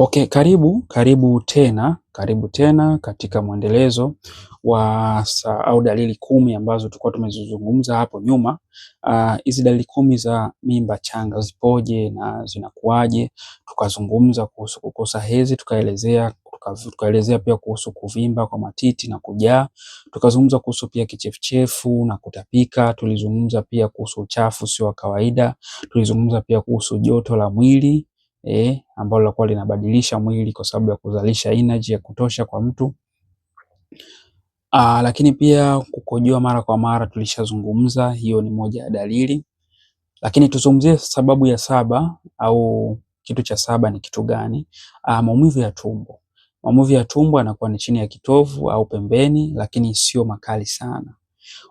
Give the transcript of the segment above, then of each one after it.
Okay, karibu karibu tena karibu tena katika mwendelezo wa saa au dalili kumi ambazo tulikuwa tumezizungumza hapo nyuma. Ah, hizi uh, dalili kumi za mimba changa zipoje na zinakuwaje? Tukazungumza kuhusu kukosa hedhi, tukaelezea tukaelezea pia kuhusu kuvimba kwa matiti na kujaa, tukazungumza kuhusu pia kichefuchefu na kutapika, tulizungumza pia kuhusu uchafu sio wa kawaida, tulizungumza pia kuhusu joto la mwili eh, ambalo lilikuwa linabadilisha mwili kwa sababu ya kuzalisha energy ya kutosha kwa mtu. Aa, lakini pia kukojoa mara kwa mara tulishazungumza, hiyo ni moja ya dalili. Lakini tuzungumzie sababu ya saba au kitu cha saba ni kitu gani? Aa, maumivu ya tumbo. Maumivu ya tumbo yanakuwa ni chini ya kitovu au pembeni, lakini sio makali sana.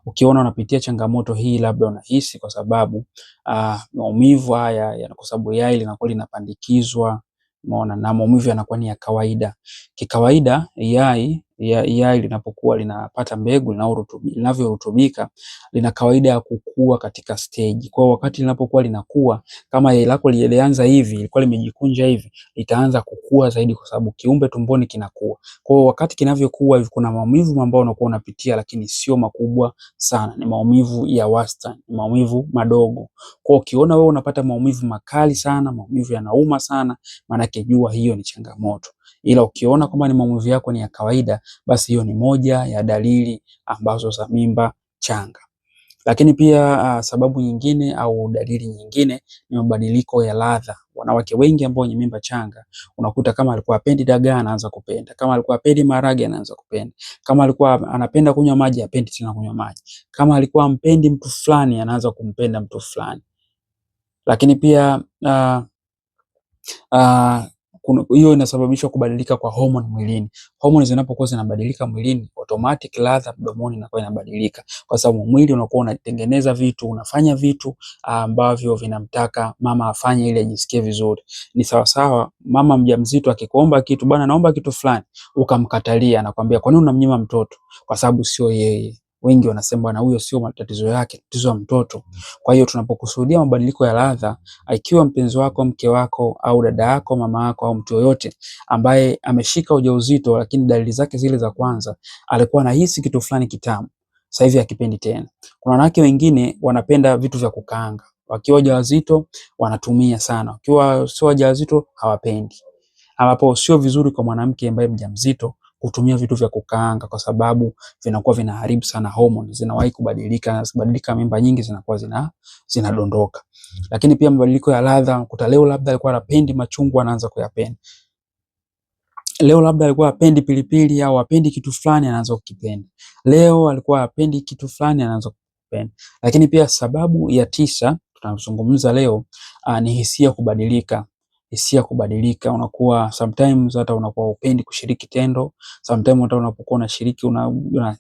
Ukiona unapitia changamoto hii, labda unahisi kwa sababu uh, maumivu haya ya kwa sababu yai linakuwa linapandikizwa, umeona, na maumivu yanakuwa ni ya kawaida. Kikawaida yai yai linapokuwa linapata mbegu linavyorutubika lina kawaida ya kukua katika stage. Kwa wakati linapokuwa linakuwa, kama yai lako lilianza hivi, ilikuwa limejikunja hivi, litaanza kukua zaidi, kwa sababu kiumbe tumboni kinakuwa. Kwa wakati kinavyokuwa hivi, kuna maumivu ambayo unakuwa unapitia, lakini sio makubwa sana, ni maumivu ya wastani, maumivu madogo. Kwa ukiona wewe unapata maumivu makali sana, maumivu yanauma sana, maanake jua hiyo ni changamoto ila ukiona kwamba ni maumivu yako ni ya kawaida, basi hiyo ni moja ya dalili ambazo za mimba changa. Lakini pia uh, sababu nyingine au dalili nyingine ni mabadiliko ya ladha. Wanawake wengi ambao wenye mimba changa unakuta kama alikuwa apendi dagaa anaanza kupenda, kama alikuwa apendi maharage anaanza kupenda, kama alikuwa anapenda kunywa maji apendi tena kunywa maji, kama alikuwa ampendi mtu fulani anaanza kumpenda mtu fulani. Lakini pia uh, uh, hiyo inasababishwa kubadilika kwa homoni mwilini. Homoni zinapokuwa zinabadilika mwilini, automatic ladha mdomoni inakuwa inabadilika, kwa sababu mwili unakuwa unatengeneza vitu, unafanya vitu ah, ambavyo vinamtaka mama afanye ili ajisikie vizuri. Ni sawa sawa mama mjamzito akikuomba kitu, bwana naomba kitu fulani, ukamkatalia, anakuambia kwa nini unamnyima mtoto? Kwa sababu sio yeye wengi wanasema bwana, huyo sio matatizo yake, tatizo ya mtoto. Kwa hiyo tunapokusudia mabadiliko ya ladha, ikiwa mpenzi wako, mke wako, au dada yako, mama yako, au mtu yoyote ambaye ameshika ujauzito, lakini dalili zake zile za kwanza, alikuwa anahisi kitu fulani kitamu, sasa hivi akipendi tena. Kuna wanawake wengine wanapenda vitu vya kukaanga, wakiwa wajawazito wanatumia sana, wakiwa sio wajawazito hawapendi, ambapo sio vizuri kwa mwanamke ambaye mjamzito kutumia vitu vya kukaanga, kwa sababu vinakuwa vinaharibu sana homoni, zinawahi kubadilika, na zikibadilika mimba nyingi zinakuwa zina zinadondoka. Lakini pia mabadiliko ya ladha, kuta leo labda alikuwa anapendi machungwa, anaanza kuyapenda. Leo labda alikuwa apendi pilipili au apendi kitu fulani, anaanza kukipenda. Leo alikuwa apendi kitu fulani, anaanza kukipenda. Lakini pia sababu ya tisa tunazungumza leo, uh, ni hisia kubadilika hisia kubadilika, unakuwa sometimes hata unakuwa upendi kushiriki tendo, sometimes hata unapokuwa unashiriki una una,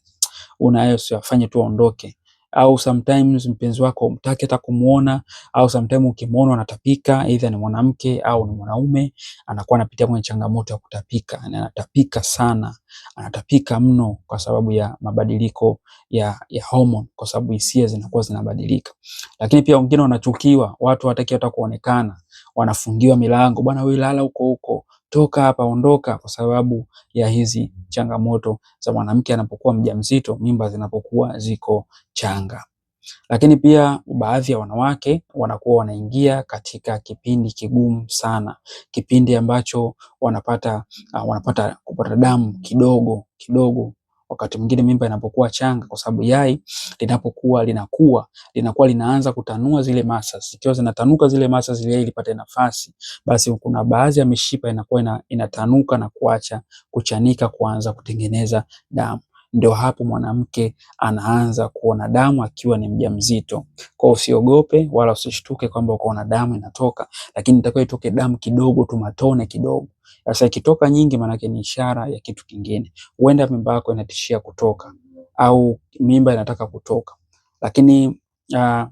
una usiyafanye tu aondoke, au sometimes mpenzi wako umtake hata kumuona, au sometimes ukimuona anatapika, either ni mwanamke au ni mwanaume, anakuwa anapitia kwenye changamoto ya kutapika, na anatapika sana, anatapika mno kwa sababu ya mabadiliko ya, ya hormone, kwa sababu hisia zinakuwa zinabadilika. Lakini pia wengine wanachukiwa, watu hawataki hata kuonekana wanafungiwa milango, bwana wewe lala huko huko, toka hapa, ondoka, kwa sababu ya hizi changamoto za mwanamke anapokuwa mjamzito, mimba zinapokuwa ziko changa. Lakini pia baadhi ya wanawake wanakuwa wanaingia katika kipindi kigumu sana, kipindi ambacho wanapata uh, wanapata kupata damu kidogo kidogo wakati mwingine mimba inapokuwa changa, kwa sababu yai linapokuwa linakuwa linakuwa linaanza kutanua zile masa zikiwa zinatanuka zile zile yai lipate nafasi, basi kuna baadhi ya mishipa inakuwa inatanuka na kuacha kuchanika, kuanza kutengeneza damu ndio hapo mwanamke anaanza kuona damu akiwa ni mjamzito. Kwa usiogope wala usishtuke kwamba ukaona damu inatoka, lakini itakuwa itoke damu kidogo tu, matone kidogo. Sasa ikitoka nyingi, maanake ni ishara ya kitu kingine, huenda mimba yako inatishia kutoka au mimba inataka kutoka. Lakini ah,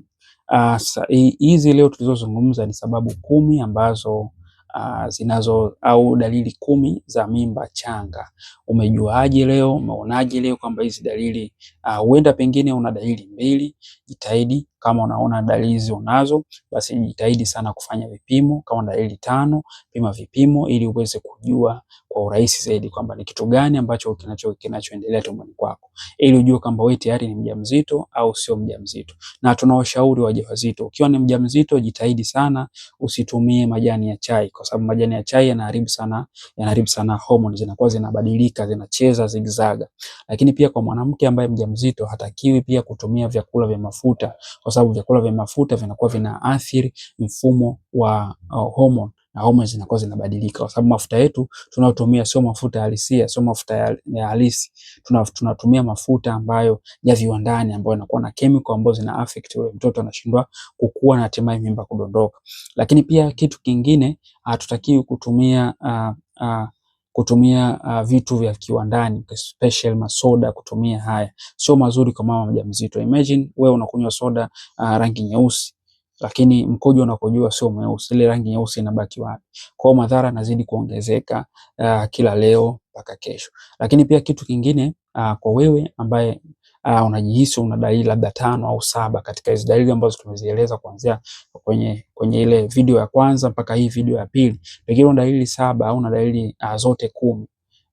ah, hizi uh, uh, leo tulizozungumza ni sababu kumi ambazo uh, zinazo au dalili kumi za mimba changa. Umejuaje leo? Umeonaje leo kwamba hizi dalili ah, huenda, uh, pengine una dalili mbili, jitahidi kama unaona dalili hizo unazo, basi jitahidi sana kufanya vipimo. Kama dalili tano, pima vipimo ili uweze kujua kwa urahisi zaidi kwamba ni kitu gani ambacho kinacho kinachoendelea tumboni kwako, ili ujue kwamba wewe tayari ni mjamzito au sio mjamzito. Na tunawashauri wajawazito, ukiwa ni mjamzito, jitahidi sana usitumie majani ya chai, kwa sababu majani ya chai yanaharibu sana yanaharibu sana homoni, zinakuwa zinabadilika, zinacheza zigzaga. Lakini pia kwa mwanamke ambaye mjamzito, hatakiwi pia kutumia vyakula vya mafuta kwa sababu vyakula vya mafuta vinakuwa vinaathiri mfumo wa uh, homoni na homoni zinakuwa zinabadilika, kwa sababu mafuta yetu tunayotumia sio mafuta halisia, sio mafuta ya halisi. Tuna, tunatumia mafuta ambayo ya viwandani ambayo yanakuwa na chemical ambazo zina affect yule mtoto, anashindwa kukua na hatimaye mimba kudondoka. Lakini pia kitu kingine hatutakiwi kutumia uh, uh, kutumia uh, vitu vya kiwandani special masoda, kutumia haya sio mazuri kwa mama mjamzito. Imagine wewe unakunywa soda uh, rangi nyeusi, lakini mkojo unakojua sio mweusi, ile rangi nyeusi inabaki wapi? Kwa madhara yanazidi kuongezeka uh, kila leo mpaka kesho. Lakini pia kitu kingine uh, kwa wewe ambaye uh, unajihisi una dalili labda tano au saba katika hizo dalili ambazo tumezieleza kuanzia kwenye, kwenye ile video ya kwanza mpaka hii video ya pili, pengine una dalili saba au una dalili uh, zote kumi.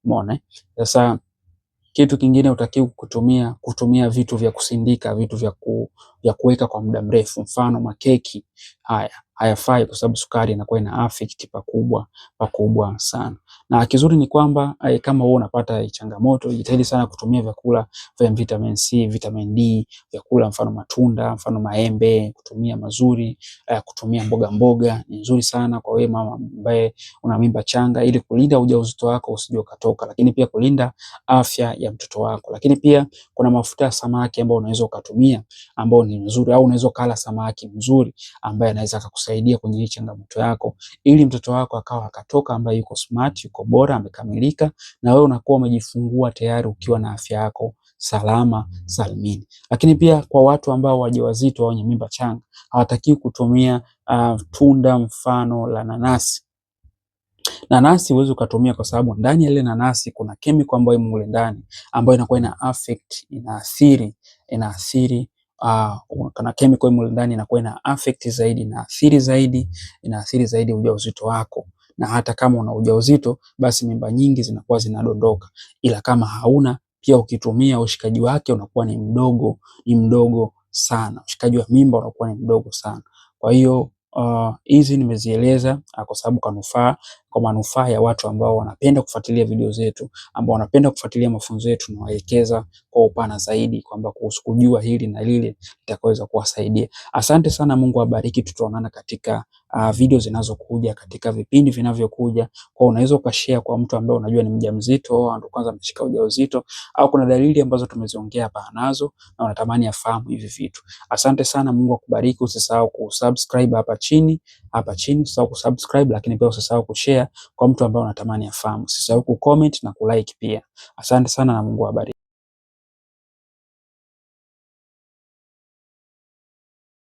Umeona sasa. Kitu kingine utakiwa kutumia kutumia vitu vya kusindika, vitu vya ku ya kuweka kwa muda mrefu, mfano makeki haya hayafai kwa sababu sukari inakuwa ina affect pakubwa pakubwa sana. Na kizuri ni kwamba ay, eh, kama wewe unapata changamoto, jitahidi sana kutumia vyakula vya vitamin C, vitamin D, vyakula mfano matunda, mfano maembe, kutumia mazuri, ay, eh, kutumia mboga mboga ni nzuri sana kwa wewe mama ambaye una mimba changa, ili kulinda ujauzito wako usije ukatoka, lakini pia kulinda afya ya mtoto wako. Lakini pia kuna mafuta ya samaki ambayo unaweza ukatumia ambao ni ni mzuri, au unaweza kula samaki mzuri ambaye anaweza akakusaidia kwenye hii changamoto yako, ili mtoto wako akawa akatoka ambaye yuko smart, yuko bora, amekamilika, na wewe unakuwa umejifungua tayari ukiwa na afya yako salama salmini. Lakini pia kwa watu ambao wajawazito au wenye mimba changa, hawatakiwi kutumia uh, tunda mfano la nanasi. Nanasi huwezi ukatumia kwa sababu ndani ya ile nanasi kuna kemikali ambayo imo ndani ambayo inakuwa ina affect, inaathiri inaathiri uh, ah, kana chemical imo ndani inakuwa ina affect zaidi, inaathiri zaidi, inaathiri zaidi ujauzito wako na hata kama una ujauzito basi mimba nyingi zinakuwa zinadondoka, ila kama hauna pia ukitumia ushikaji wake unakuwa ni mdogo, ni mdogo sana. Ushikaji wa mimba unakuwa ni mdogo sana. Kwa hiyo ah, hizi uh, nimezieleza kwa sababu kanufaa kwa manufaa ya watu ambao wanapenda kufuatilia video zetu, ambao wanapenda kufuatilia mafunzo yetu, nawaelekeza kwa upana zaidi kwamba kuhusu kujua hili na lile litakaweza kuwasaidia. Asante sana, Mungu abariki, Tutaonana katika uh, video zinazokuja katika vipindi vinavyokuja. Kwa unaweza ukashare kwa mtu ambaye unajua ni mjamzito au ndo kwanza ameshika ujauzito au kuna dalili ambazo tumeziongea hapa nazo na unatamani afahamu hivi vitu. Asante sana, Mungu akubariki. Usisahau kusubscribe hapa chini hapa chini. Usisahau kusubscribe, lakini pia usisahau kushare kwa mtu ambaye unatamani afahamu. Usisahau kucomment na kulike pia. Asante sana na Mungu awabariki.